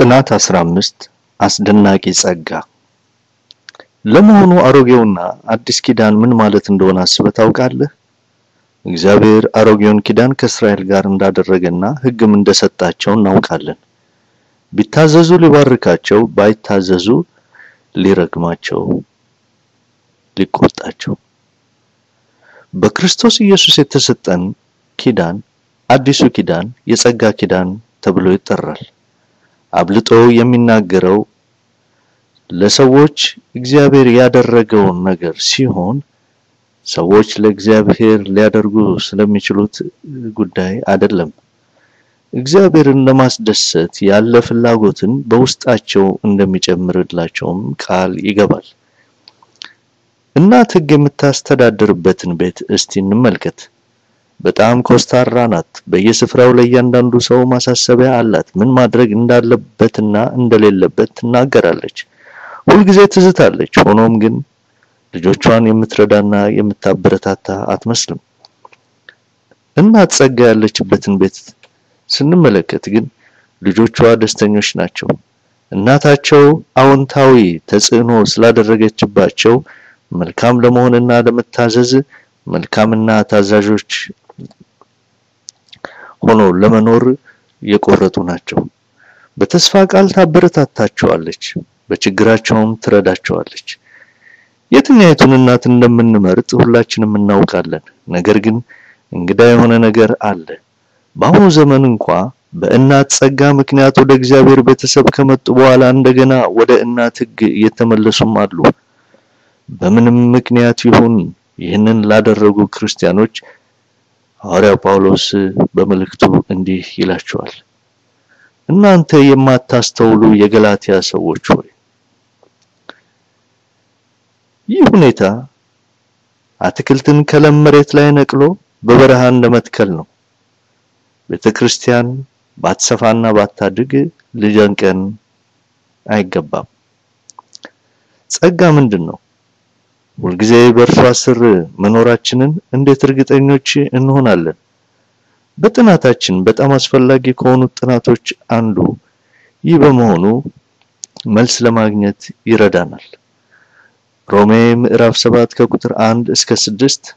ጥናት 15 አስደናቂ ጸጋ። ለመሆኑ አሮጌውና አዲስ ኪዳን ምን ማለት እንደሆነ አስበህ ታውቃለህ? እግዚአብሔር አሮጌውን ኪዳን ከእስራኤል ጋር እንዳደረገና ሕግም እንደሰጣቸው እናውቃለን። ቢታዘዙ ሊባርካቸው፣ ባይታዘዙ ሊረግማቸው፣ ሊቆጣቸው። በክርስቶስ ኢየሱስ የተሰጠን ኪዳን አዲሱ ኪዳን የጸጋ ኪዳን ተብሎ ይጠራል። አብልጦ የሚናገረው ለሰዎች እግዚአብሔር ያደረገውን ነገር ሲሆን ሰዎች ለእግዚአብሔር ሊያደርጉ ስለሚችሉት ጉዳይ አይደለም። እግዚአብሔርን ለማስደሰት ያለ ፍላጎትን በውስጣቸው እንደሚጨምርላቸውም ቃል ይገባል። እናት ሕግ የምታስተዳድርበትን ቤት እስቲ እንመልከት። በጣም ኮስታራ ናት። በየስፍራው ለእያንዳንዱ ሰው ማሳሰቢያ አላት። ምን ማድረግ እንዳለበትና እንደሌለበት ትናገራለች። ሁልጊዜ ትዝታለች። ሆኖም ግን ልጆቿን የምትረዳና የምታበረታታ አትመስልም። እናት ጸጋ ያለችበትን ቤት ስንመለከት ግን ልጆቿ ደስተኞች ናቸው። እናታቸው አዎንታዊ ተጽዕኖ ስላደረገችባቸው መልካም ለመሆንና ለመታዘዝ መልካምና ታዛዦች ሆኖ ለመኖር የቆረጡ ናቸው። በተስፋ ቃል ታበረታታቸዋለች፣ በችግራቸውም ትረዳቸዋለች። የትኛይቱን እናት እንደምንመርጥ ሁላችንም እናውቃለን። ነገር ግን እንግዳ የሆነ ነገር አለ። በአሁኑ ዘመን እንኳ በእናት ጸጋ ምክንያት ወደ እግዚአብሔር ቤተሰብ ከመጡ በኋላ እንደገና ወደ እናት ሕግ እየተመለሱም አሉ። በምንም ምክንያት ይሁን ይህንን ላደረጉ ክርስቲያኖች ሐዋርያው ጳውሎስ በመልእክቱ እንዲህ ይላቸዋል። እናንተ የማታስተውሉ የገላትያ ሰዎች ሆይ ይህ ሁኔታ አትክልትን ከለም መሬት ላይ ነቅሎ በበረሃን ለመትከል ነው። ቤተክርስቲያን ባትሰፋና ባታድግ ልጇን ቀን አይገባም። ጸጋ ምንድን ነው? ሁልጊዜ በእርሷ ስር መኖራችንን እንዴት እርግጠኞች እንሆናለን? በጥናታችን በጣም አስፈላጊ ከሆኑት ጥናቶች አንዱ ይህ በመሆኑ መልስ ለማግኘት ይረዳናል። ሮሜ ምዕራፍ 7 ከቁጥር 1 እስከ 6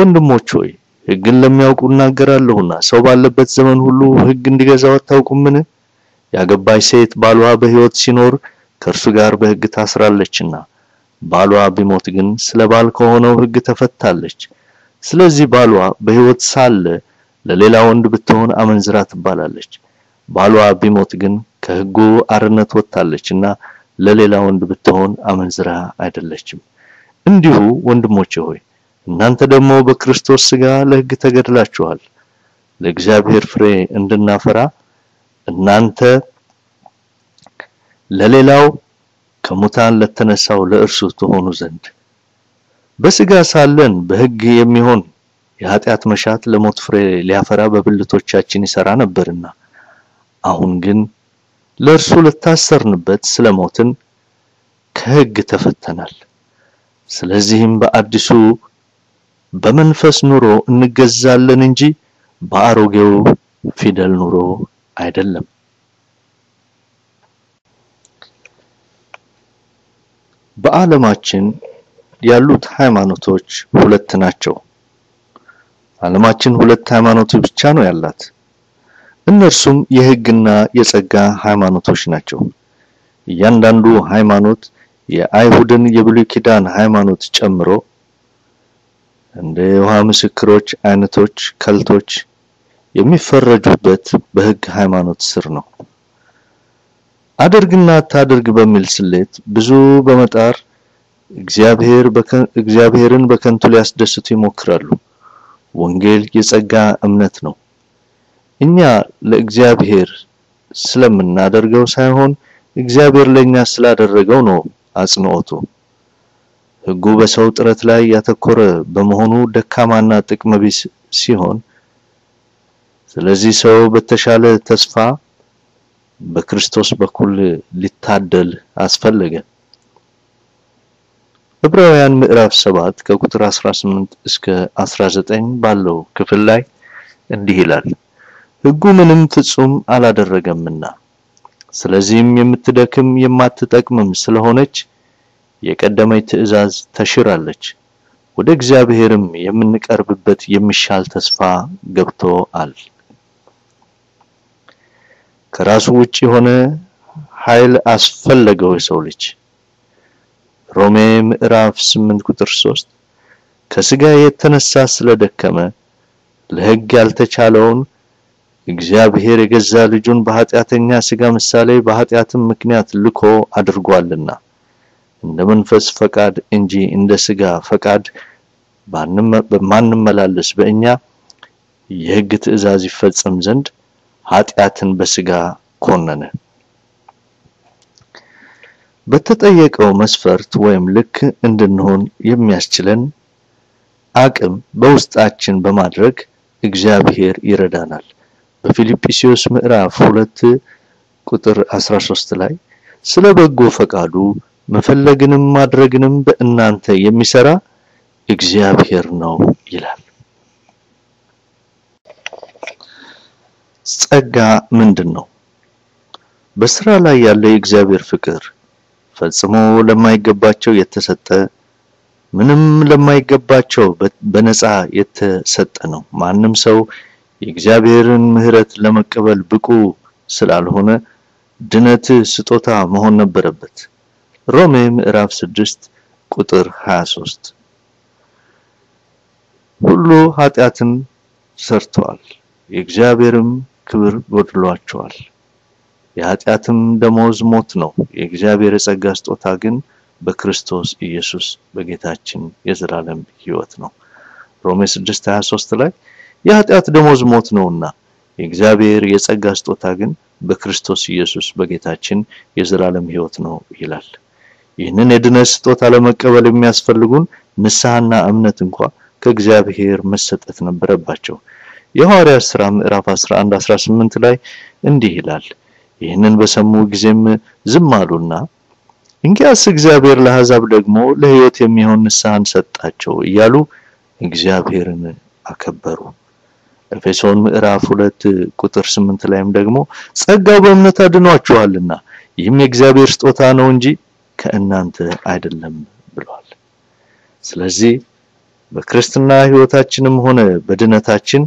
ወንድሞች ሆይ ሕግን ለሚያውቁ እናገራለሁና ሰው ባለበት ዘመን ሁሉ ሕግ እንዲገዛው አታውቁምን? ያገባች ሴት ባሏ በሕይወት ሲኖር ከእርሱ ጋር በሕግ ታስራለችና ባሏ ቢሞት ግን ስለ ባል ከሆነው ሕግ ተፈታለች። ስለዚህ ባሏ በሕይወት ሳለ ለሌላ ወንድ ብትሆን አመንዝራ ትባላለች። ባሏ ቢሞት ግን ከሕጉ አርነት እና ለሌላ ወንድ ብትሆን አመንዝራ አይደለችም። እንዲሁ ወንድሞቼ ሆይ እናንተ ደግሞ በክርስቶስ ሥጋ ለሕግ ተገድላችኋል፣ ለእግዚአብሔር ፍሬ እንድናፈራ እናንተ ለሌላው ከሙታን ለተነሳው ለእርሱ ተሆኑ ዘንድ በስጋ ሳለን በሕግ የሚሆን የኃጢአት መሻት ለሞት ፍሬ ሊያፈራ በብልቶቻችን ይሰራ ነበርና፣ አሁን ግን ለእርሱ ልታሰርንበት ስለሞትን ከሕግ ተፈተናል። ስለዚህም በአዲሱ በመንፈስ ኑሮ እንገዛለን እንጂ በአሮጌው ፊደል ኑሮ አይደለም። በዓለማችን ያሉት ሃይማኖቶች ሁለት ናቸው። ዓለማችን ሁለት ሃይማኖቶች ብቻ ነው ያላት። እነርሱም የሕግና የጸጋ ሃይማኖቶች ናቸው። እያንዳንዱ ሃይማኖት የአይሁድን የብሉይ ኪዳን ሃይማኖት ጨምሮ እንደ የውሃ ምስክሮች አይነቶች ከልቶች የሚፈረጁበት በሕግ ሃይማኖት ስር ነው። አድርግና አታድርግ በሚል ስሌት ብዙ በመጣር እግዚአብሔርን በከንቱ ሊያስደስቱ ይሞክራሉ። ወንጌል የጸጋ እምነት ነው። እኛ ለእግዚአብሔር ስለምናደርገው ሳይሆን እግዚአብሔር ለኛ ስላደረገው ነው አጽንኦቱ። ሕጉ በሰው ጥረት ላይ ያተኮረ በመሆኑ ደካማና ጥቅም ቢስ ሲሆን፣ ስለዚህ ሰው በተሻለ ተስፋ በክርስቶስ በኩል ሊታደል አስፈለገ። ዕብራውያን ምዕራፍ 7 ከቁጥር 18 እስከ 19 ባለው ክፍል ላይ እንዲህ ይላል፣ ሕጉ ምንም ፍጹም አላደረገምና ስለዚህም የምትደክም የማትጠቅምም ስለሆነች የቀደመች ትእዛዝ ተሽራለች። ወደ እግዚአብሔርም የምንቀርብበት የሚሻል ተስፋ ገብቶ አል። ከራሱ ውጭ የሆነ ኃይል አስፈለገው የሰው ልጅ ሮሜ ምዕራፍ 8 ቁጥር 3 ከስጋ የተነሳ ስለደከመ ለሕግ ያልተቻለውን እግዚአብሔር የገዛ ልጁን በኃጢአተኛ ስጋ ምሳሌ በኃጢአትም ምክንያት ልኮ አድርጓልና እንደ መንፈስ ፈቃድ እንጂ እንደ ስጋ ፈቃድ በማንመላለስ በእኛ የሕግ ትእዛዝ ይፈጸም ዘንድ ኃጢአትን በስጋ ኮነነ። በተጠየቀው መስፈርት ወይም ልክ እንድንሆን የሚያስችለን አቅም በውስጣችን በማድረግ እግዚአብሔር ይረዳናል። በፊልጵስዩስ ምዕራፍ 2 ቁጥር 13 ላይ ስለ በጎ ፈቃዱ መፈለግንም ማድረግንም በእናንተ የሚሰራ እግዚአብሔር ነው ይላል። ጸጋ ምንድን ነው? በስራ ላይ ያለው የእግዚአብሔር ፍቅር ፈጽሞ ለማይገባቸው የተሰጠ ምንም ለማይገባቸው በነፃ የተሰጠ ነው። ማንም ሰው የእግዚአብሔርን ምሕረት ለመቀበል ብቁ ስላልሆነ ድነት ስጦታ መሆን ነበረበት። ሮሜ ምዕራፍ 6 ቁጥር 23 ሁሉ ኃጢአትን ሰርተዋል የእግዚአብሔርም ክብር ጎድሏቸዋል። የኃጢአትም ደመወዝ ሞት ነው። የእግዚአብሔር የጸጋ ስጦታ ግን በክርስቶስ ኢየሱስ በጌታችን የዘላለም ሕይወት ነው። ሮሜ 23 ላይ የኃጢአት ደመወዝ ሞት ነውና የእግዚአብሔር የጸጋ ስጦታ ግን በክርስቶስ ኢየሱስ በጌታችን የዘላለም ሕይወት ነው ይላል። ይህንን የድነት ስጦታ ለመቀበል የሚያስፈልጉን ንስሐና እምነት እንኳ ከእግዚአብሔር መሰጠት ነበረባቸው። የሐዋርያት ሥራ ምዕራፍ 11 18 ላይ እንዲህ ይላል። ይህንን በሰሙ ጊዜም ዝም አሉና እንኪያስ እግዚአብሔር ለአሕዛብ ደግሞ ለሕይወት የሚሆን ንስሐን ሰጣቸው እያሉ እግዚአብሔርን አከበሩ። ኤፌሶን ምዕራፍ 2 ቁጥር 8 ላይም ደግሞ ጸጋው በእምነት አድኗችኋልና ይህም የእግዚአብሔር ስጦታ ነው እንጂ ከእናንተ አይደለም ብሏል። ስለዚህ በክርስትና ሕይወታችንም ሆነ በድነታችን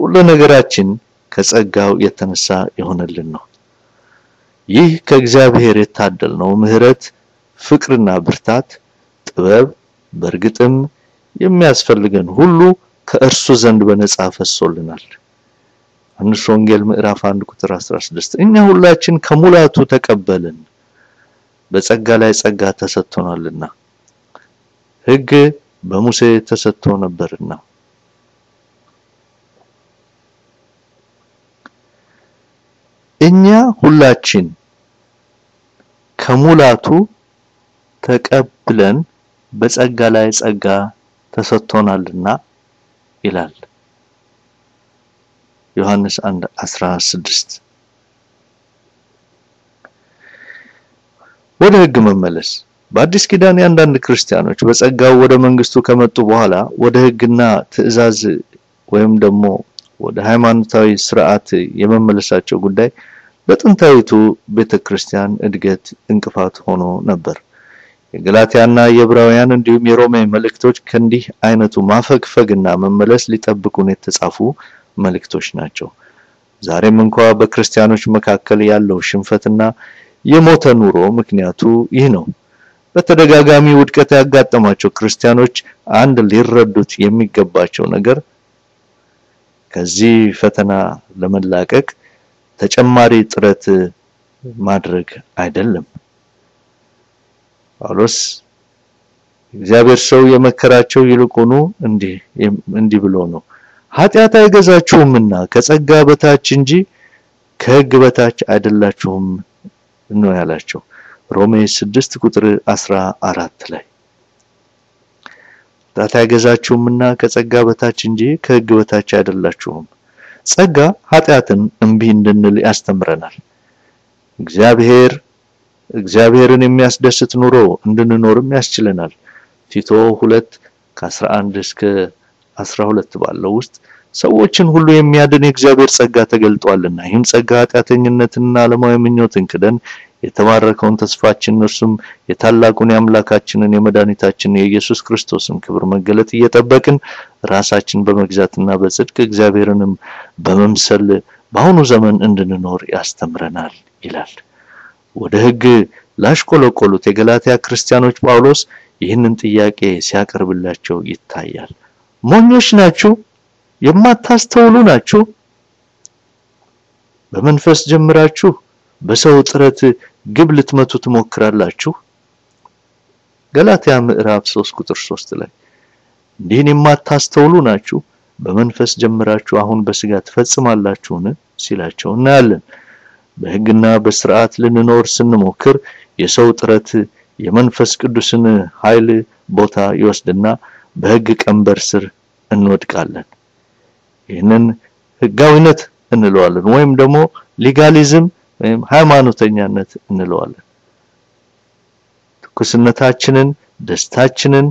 ሁሉ ነገራችን ከጸጋው የተነሳ የሆነልን ነው። ይህ ከእግዚአብሔር የታደል ነው ምሕረት፣ ፍቅርና ብርታት፣ ጥበብ በእርግጥም የሚያስፈልገን ሁሉ ከእርሱ ዘንድ በነጻ ፈሶልናል። ዮሐንስ ወንጌል ምዕራፍ 1 ቁጥር 16 እኛ ሁላችን ከሙላቱ ተቀበልን በጸጋ ላይ ጸጋ ተሰጥቶናልና ሕግ በሙሴ ተሰጥቶ ነበርና እኛ ሁላችን ከሙላቱ ተቀብለን በጸጋ ላይ ጸጋ ተሰጥቶናልና ይላል ዮሐንስ 1 16 ወደ ህግ መመለስ በአዲስ ኪዳን የአንዳንድ ክርስቲያኖች በጸጋው ወደ መንግስቱ ከመጡ በኋላ ወደ ህግና ትእዛዝ ወይም ደግሞ ወደ ሃይማኖታዊ ስርዓት የመመለሳቸው ጉዳይ በጥንታዊቱ ቤተክርስቲያን እድገት እንቅፋት ሆኖ ነበር። የገላትያና የዕብራውያን እንዲሁም የሮሜ መልእክቶች ከእንዲህ አይነቱ ማፈግፈግና መመለስ ሊጠብቁን የተጻፉ መልእክቶች ናቸው። ዛሬም እንኳ በክርስቲያኖች መካከል ያለው ሽንፈትና የሞተ ኑሮ ምክንያቱ ይህ ነው። በተደጋጋሚ ውድቀት ያጋጠማቸው ክርስቲያኖች አንድ ሊረዱት የሚገባቸው ነገር ከዚህ ፈተና ለመላቀቅ ተጨማሪ ጥረት ማድረግ አይደለም። ጳውሎስ እግዚአብሔር ሰው የመከራቸው ይልቁኑ እንዲህ እንዲህ ብሎ ነው፣ ኃጢአት አይገዛችሁምና ከጸጋ በታች እንጂ ከሕግ በታች አይደላችሁም ነው ያላቸው ሮሜ 6 ቁጥር 14 ላይ ጣት አይገዛችሁምና ከጸጋ በታች እንጂ ከሕግ በታች አይደላችሁም። ጸጋ ኃጢአትን እምቢ እንድንል ያስተምረናል። እግዚአብሔር እግዚአብሔርን የሚያስደስት ኑሮ እንድንኖርም ያስችለናል። ቲቶ 2 ከ11 እስከ 12 ባለው ውስጥ ሰዎችን ሁሉ የሚያድን የእግዚአብሔር ጸጋ ተገልጧልና ይህም ጸጋ ኃጢአተኝነትንና ዓለማዊ ምኞትን ክደን የተማረከውን ተስፋችን እርሱም የታላቁን የአምላካችንን የመድኃኒታችንን የኢየሱስ ክርስቶስን ክብር መገለጥ እየጠበቅን ራሳችን በመግዛትና በጽድቅ እግዚአብሔርንም በመምሰል በአሁኑ ዘመን እንድንኖር ያስተምረናል ይላል። ወደ ሕግ ላሽቆለቆሉት የገላትያ ክርስቲያኖች ጳውሎስ ይህንን ጥያቄ ሲያቀርብላቸው ይታያል። ሞኞች ናችሁ፣ የማታስተውሉ ናችሁ። በመንፈስ ጀምራችሁ በሰው ጥረት ግብ ልትመቱ ትሞክራላችሁ። ገላትያ ምዕራፍ 3 ቁጥር 3 ላይ እንዲህን የማታስተውሉ ናችሁ፣ በመንፈስ ጀምራችሁ አሁን በስጋ ትፈጽማላችሁን ሲላቸው እናያለን። በሕግና በስርዓት ልንኖር ስንሞክር የሰው ጥረት የመንፈስ ቅዱስን ኃይል ቦታ ይወስድና በሕግ ቀንበር ስር እንወድቃለን። ይህንን ሕጋዊነት እንለዋለን ወይም ደግሞ ሊጋሊዝም ወይም ሃይማኖተኛነት እንለዋለን ትኩስነታችንን ደስታችንን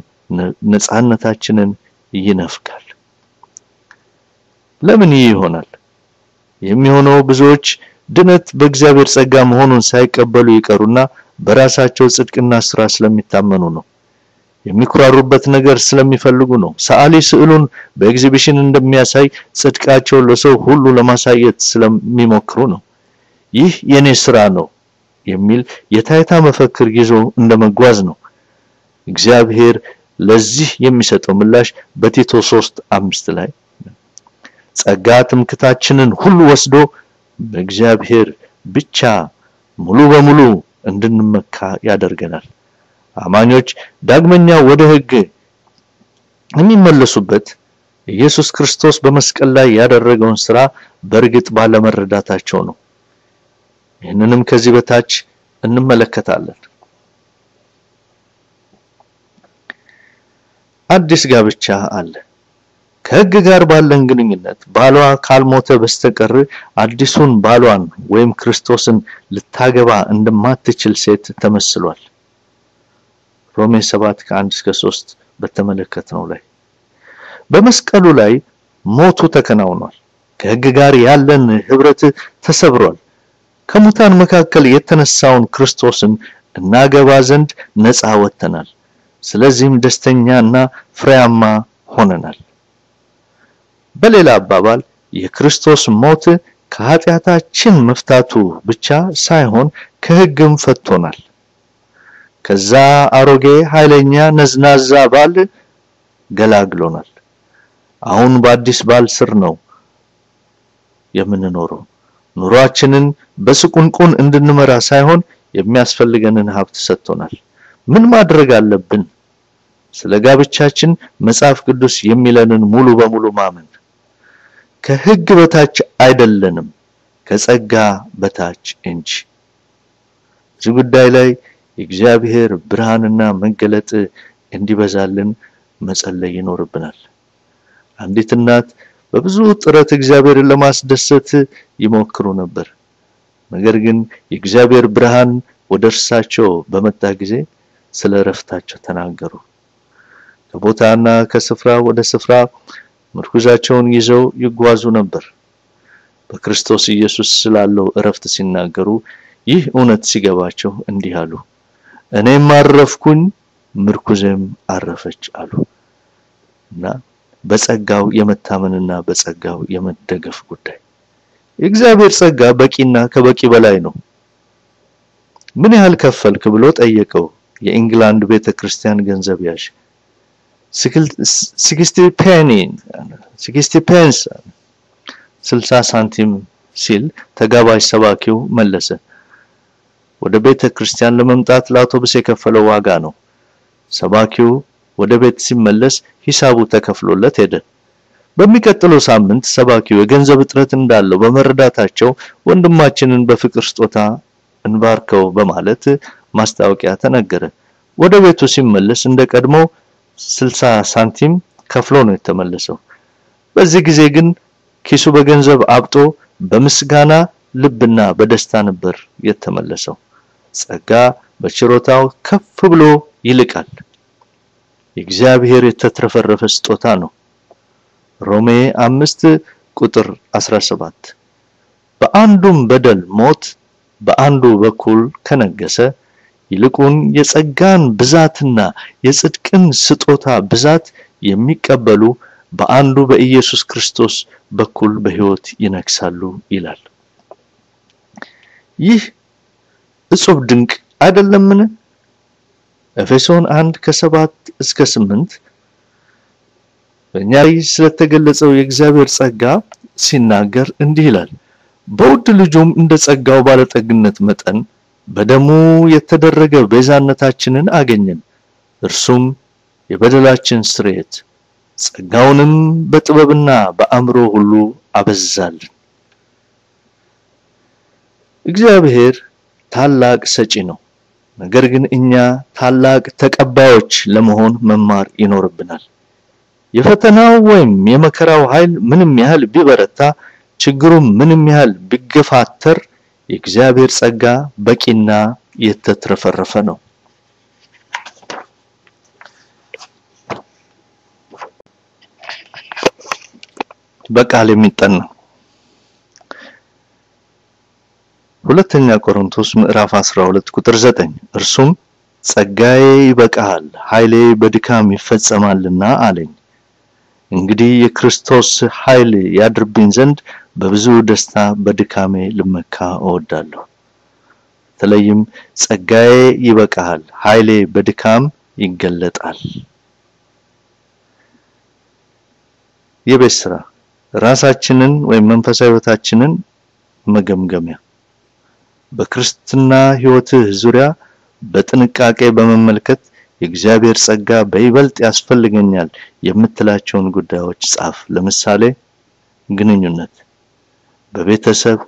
ነፃነታችንን ይነፍጋል ለምን ይህ ይሆናል የሚሆነው ብዙዎች ድነት በእግዚአብሔር ጸጋ መሆኑን ሳይቀበሉ ይቀሩና በራሳቸው ጽድቅና ስራ ስለሚታመኑ ነው የሚኩራሩበት ነገር ስለሚፈልጉ ነው ሰዓሊ ስዕሉን በኤግዚቢሽን እንደሚያሳይ ጽድቃቸውን ለሰው ሁሉ ለማሳየት ስለሚሞክሩ ነው ይህ የኔ ስራ ነው የሚል የታይታ መፈክር ይዞ እንደመጓዝ ነው። እግዚአብሔር ለዚህ የሚሰጠው ምላሽ በቲቶ 3 አምስት ላይ ጸጋ ትምክታችንን ሁሉ ወስዶ በእግዚአብሔር ብቻ ሙሉ በሙሉ እንድንመካ ያደርገናል። አማኞች ዳግመኛ ወደ ሕግ የሚመለሱበት ኢየሱስ ክርስቶስ በመስቀል ላይ ያደረገውን ስራ በእርግጥ ባለመረዳታቸው ነው። ይህንንም ከዚህ በታች እንመለከታለን። አዲስ ጋብቻ አለ። ከህግ ጋር ባለን ግንኙነት ባሏ ካልሞተ በስተቀር አዲሱን ባሏን ወይም ክርስቶስን ልታገባ እንደማትችል ሴት ተመስሏል። ሮሜ 7 ከ1 እስከ 3 ነው ላይ በመስቀሉ ላይ ሞቱ ተከናውኗል። ከህግ ጋር ያለን ህብረት ተሰብሯል። ከሙታን መካከል የተነሳውን ክርስቶስን እናገባ ዘንድ ነፃ ወጥተናል። ስለዚህም ደስተኛና ፍሬያማ ሆነናል። በሌላ አባባል የክርስቶስ ሞት ከኃጢአታችን መፍታቱ ብቻ ሳይሆን ከሕግም ፈቶናል። ከዛ አሮጌ ኃይለኛ ነዝናዛ ባል ገላግሎናል። አሁን በአዲስ ባል ስር ነው የምንኖረው። ኑሯችንን በስቁንቁን እንድንመራ ሳይሆን የሚያስፈልገንን ሀብት ሰጥቶናል። ምን ማድረግ አለብን? ስለ ጋብቻችን መጽሐፍ ቅዱስ የሚለንን ሙሉ በሙሉ ማመን። ከህግ በታች አይደለንም፣ ከጸጋ በታች እንጂ። እዚህ ጉዳይ ላይ የእግዚአብሔር ብርሃንና መገለጥ እንዲበዛልን መጸለይ ይኖርብናል። አንዲት እናት በብዙ ጥረት እግዚአብሔርን ለማስደሰት ይሞክሩ ነበር። ነገር ግን የእግዚአብሔር ብርሃን ወደ እርሳቸው በመጣ ጊዜ ስለ እረፍታቸው ተናገሩ። ከቦታና ከስፍራ ወደ ስፍራ ምርኩዛቸውን ይዘው ይጓዙ ነበር። በክርስቶስ ኢየሱስ ስላለው እረፍት ሲናገሩ ይህ እውነት ሲገባቸው እንዲህ አሉ፣ እኔም አረፍኩኝ ምርኩዜም አረፈች አሉ እና በጸጋው የመታመንና በጸጋው የመደገፍ ጉዳይ። የእግዚአብሔር ጸጋ በቂና ከበቂ በላይ ነው። ምን ያህል ከፈልክ ብሎ ጠየቀው የኢንግላንድ ቤተ ክርስቲያን ገንዘብ ያዥ። ሲክስቲ ፔኒ ሲክስቲ ፔንስ ስልሳ ሳንቲም ሲል ተጋባዥ ሰባኪው መለሰ። ወደ ቤተ ክርስቲያን ለመምጣት ለአውቶቡስ የከፈለው ዋጋ ነው። ሰባኪው ወደ ቤት ሲመለስ ሂሳቡ ተከፍሎለት ሄደ። በሚቀጥለው ሳምንት ሰባኪው የገንዘብ እጥረት እንዳለው በመረዳታቸው ወንድማችንን በፍቅር ስጦታ እንባርከው በማለት ማስታወቂያ ተነገረ። ወደ ቤቱ ሲመለስ እንደ ቀድሞ 60 ሳንቲም ከፍሎ ነው የተመለሰው። በዚህ ጊዜ ግን ኪሱ በገንዘብ አብጦ በምስጋና ልብና በደስታ ነበር የተመለሰው። ጸጋ በችሮታው ከፍ ብሎ ይልቃል። የእግዚአብሔር የተትረፈረፈ ስጦታ ነው። ሮሜ አምስት ቁጥር 17 በአንዱም በደል ሞት በአንዱ በኩል ከነገሰ ይልቁን የጸጋን ብዛትና የጽድቅን ስጦታ ብዛት የሚቀበሉ በአንዱ በኢየሱስ ክርስቶስ በኩል በህይወት ይነግሳሉ ይላል። ይህ እጹብ ድንቅ አይደለምን? ኤፌሶን 1 ከ7 እስከ 8 በእኛ ላይ ስለተገለጸው የእግዚአብሔር ጸጋ ሲናገር እንዲህ ይላል። በውድ ልጁም እንደ ጸጋው ባለጠግነት መጠን በደሙ የተደረገ ቤዛነታችንን አገኘን፣ እርሱም የበደላችን ስርየት፣ ጸጋውንም በጥበብና በአእምሮ ሁሉ አበዛልን። እግዚአብሔር ታላቅ ሰጪ ነው። ነገር ግን እኛ ታላቅ ተቀባዮች ለመሆን መማር ይኖርብናል። የፈተናው ወይም የመከራው ኃይል ምንም ያህል ቢበረታ፣ ችግሩ ምንም ያህል ቢገፋተር፣ የእግዚአብሔር ጸጋ በቂና የተትረፈረፈ ነው። በቃል የሚጠና ሁለተኛ ቆሮንቶስ ምዕራፍ 12 ቁጥር 9 እርሱም ጸጋዬ ይበቃሃል ኃይሌ በድካም ይፈጸማልና አለኝ እንግዲህ የክርስቶስ ኃይል ያድርብኝ ዘንድ በብዙ ደስታ በድካሜ ልመካ እወዳለሁ በተለይም ጸጋዬ ይበቃሃል ኃይሌ በድካም ይገለጣል የቤት ስራ ራሳችንን ወይም መንፈሳዊ ህይወታችንን መገምገሚያ በክርስትና ሕይወትህ ዙሪያ በጥንቃቄ በመመልከት የእግዚአብሔር ጸጋ በይበልጥ ያስፈልገኛል የምትላቸውን ጉዳዮች ጻፍ። ለምሳሌ ግንኙነት፣ በቤተሰብ፣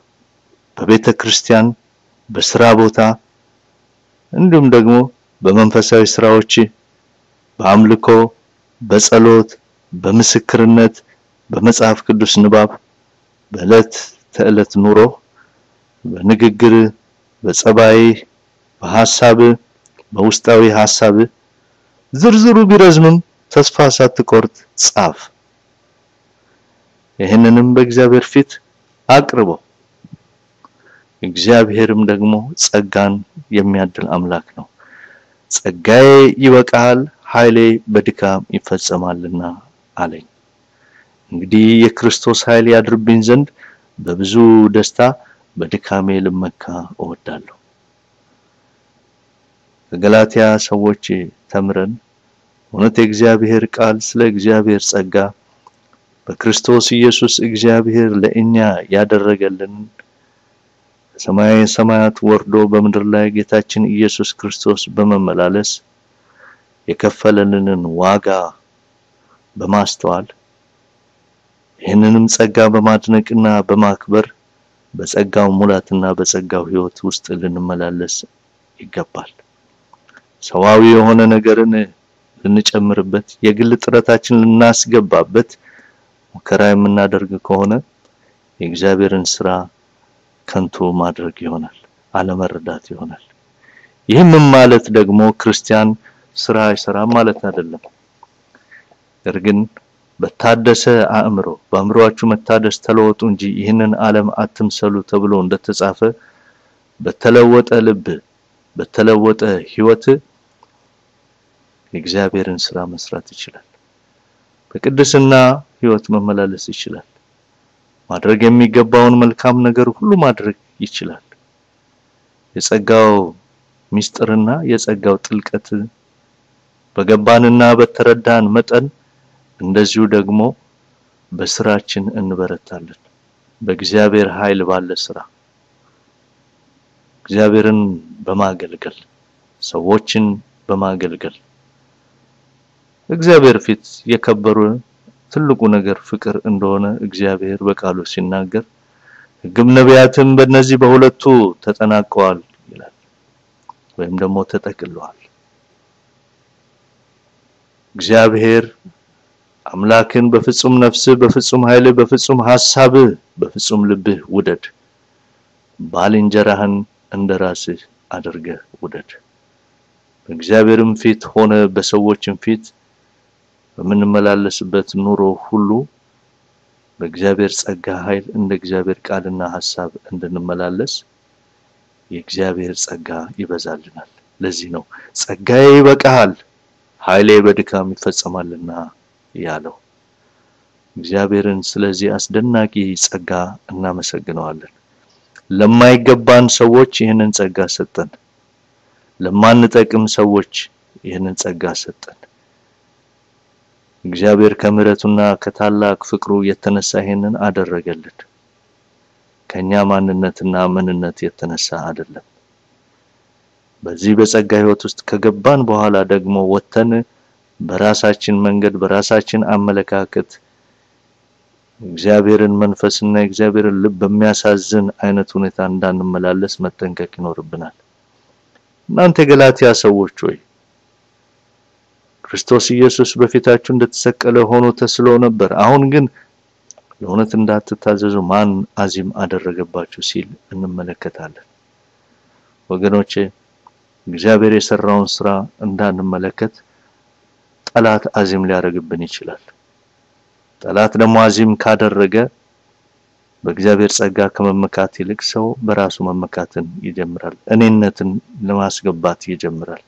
በቤተ ክርስቲያን፣ በስራ ቦታ እንዲሁም ደግሞ በመንፈሳዊ ስራዎች፣ በአምልኮ፣ በጸሎት፣ በምስክርነት፣ በመጽሐፍ ቅዱስ ንባብ፣ በዕለት ተዕለት ኑሮ በንግግር፣ በጸባይ፣ በሐሳብ፣ በውስጣዊ ሐሳብ ዝርዝሩ ቢረዝምም ተስፋ ሳትቆርጥ ጻፍ። ይህንንም በእግዚአብሔር ፊት አቅርበው። እግዚአብሔርም ደግሞ ጸጋን የሚያድል አምላክ ነው። ጸጋዬ ይበቃሃል፣ ኃይሌ በድካም ይፈጸማልና አለኝ። እንግዲህ የክርስቶስ ኃይል ያድርብኝ ዘንድ በብዙ ደስታ በድካሜ ልመካ እወዳለሁ። ከገላትያ ሰዎች ተምረን እውነት የእግዚአብሔር ቃል ስለ እግዚአብሔር ጸጋ በክርስቶስ ኢየሱስ እግዚአብሔር ለእኛ ያደረገልን ሰማያዊ ሰማያት ወርዶ በምድር ላይ ጌታችን ኢየሱስ ክርስቶስ በመመላለስ የከፈለልንን ዋጋ በማስተዋል ይህንንም ጸጋ በማድነቅና በማክበር በጸጋው ሙላትና በጸጋው ሕይወት ውስጥ ልንመላለስ ይገባል። ሰዋዊ የሆነ ነገርን ልንጨምርበት፣ የግል ጥረታችን ልናስገባበት ሙከራ የምናደርግ ከሆነ የእግዚአብሔርን ስራ ከንቱ ማድረግ ይሆናል፣ አለመረዳት ይሆናል። ይህም ማለት ደግሞ ክርስቲያን ስራ አይሰራም ማለት አይደለም። ነገር ግን በታደሰ አእምሮ በአእምሮአችሁ መታደስ ተለወጡ እንጂ ይህንን ዓለም አትምሰሉ ተብሎ እንደተጻፈ በተለወጠ ልብ በተለወጠ ህይወት የእግዚአብሔርን ስራ መስራት ይችላል። በቅድስና ህይወት መመላለስ ይችላል። ማድረግ የሚገባውን መልካም ነገር ሁሉ ማድረግ ይችላል። የጸጋው ምስጢርና የጸጋው ጥልቀት በገባንና በተረዳን መጠን እንደዚሁ ደግሞ በስራችን እንበረታለን። በእግዚአብሔር ኃይል ባለ ስራ እግዚአብሔርን በማገልገል ሰዎችን በማገልገል እግዚአብሔር ፊት የከበሩ ትልቁ ነገር ፍቅር እንደሆነ እግዚአብሔር በቃሉ ሲናገር ሕግም ነቢያትም በእነዚህ በሁለቱ ተጠናቀዋል ይላል፣ ወይም ደግሞ ተጠቅለዋል። እግዚአብሔር አምላክን በፍጹም ነፍስህ፣ በፍጹም ኃይልህ፣ በፍጹም ሐሳብህ፣ በፍጹም ልብህ ውደድ። ባልንጀራህን እንደ ራስህ አድርገህ ውደድ። በእግዚአብሔርም ፊት ሆነ በሰዎችም ፊት በምንመላለስበት ኑሮ ሁሉ በእግዚአብሔር ጸጋ ኃይል እንደ እግዚአብሔር ቃልና ሐሳብ እንድንመላለስ የእግዚአብሔር ጸጋ ይበዛልናል። ለዚህ ነው ጸጋዬ ይበቃሃል ኃይሌ በድካም ይፈጸማልና ያለው። እግዚአብሔርን ስለዚህ አስደናቂ ጸጋ እናመሰግነዋለን። ለማይገባን ሰዎች ይህንን ጸጋ ሰጠን። ለማንጠቅም ሰዎች ይህንን ጸጋ ሰጠን። እግዚአብሔር ከምሕረቱና ከታላቅ ፍቅሩ የተነሳ ይህንን አደረገልን። ከኛ ማንነትና ምንነት የተነሳ አይደለም። በዚህ በጸጋ ሕይወት ውስጥ ከገባን በኋላ ደግሞ ወተን በራሳችን መንገድ በራሳችን አመለካከት እግዚአብሔርን መንፈስና እግዚአብሔርን ልብ በሚያሳዝን አይነት ሁኔታ እንዳንመላለስ መጠንቀቅ ይኖርብናል። እናንተ ገላትያ ሰዎች ሆይ ክርስቶስ ኢየሱስ በፊታችሁ እንደተሰቀለ ሆኖ ተስሎ ነበር፣ አሁን ግን ለእውነት እንዳትታዘዙ ማን አዚም አደረገባችሁ ሲል እንመለከታለን። ወገኖቼ እግዚአብሔር የሰራውን ስራ እንዳንመለከት ጠላት አዚም ሊያደርግብን ይችላል። ጠላት ደግሞ አዚም ካደረገ በእግዚአብሔር ጸጋ ከመመካት ይልቅ ሰው በራሱ መመካትን ይጀምራል። እኔነትን ለማስገባት ይጀምራል።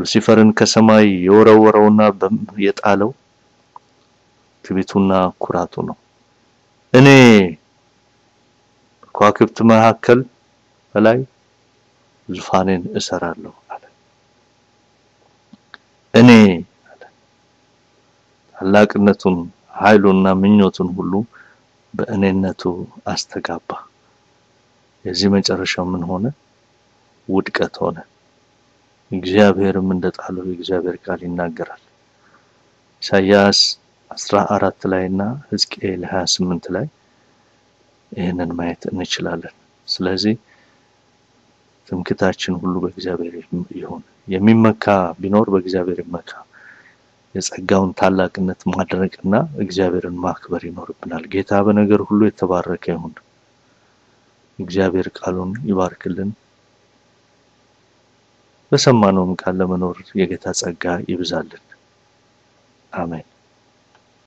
ሉሲፈርን ከሰማይ የወረወረውና የጣለው ትቢቱና ኩራቱ ነው። እኔ ከዋክብት መካከል በላይ ዙፋኔን እሰራለሁ እኔ ታላቅነቱን ኃይሉና ምኞቱን ሁሉ በእኔነቱ አስተጋባ። የዚህ መጨረሻው ምን ሆነ? ውድቀት ሆነ። እግዚአብሔርም እንደጣለው የእግዚአብሔር ቃል ይናገራል። ኢሳያስ 14 ላይና ሕዝቅኤል 28 ላይ ይህንን ማየት እንችላለን። ስለዚህ ትምክታችን ሁሉ በእግዚአብሔር ይሁን። የሚመካ ቢኖር በእግዚአብሔር ይመካ። የጸጋውን ታላቅነት ማድረቅና እግዚአብሔርን ማክበር ይኖርብናል። ጌታ በነገር ሁሉ የተባረከ ይሁን። እግዚአብሔር ቃሉን ይባርክልን። በሰማነውም ቃል ለመኖር የጌታ ጸጋ ይብዛልን። አሜን።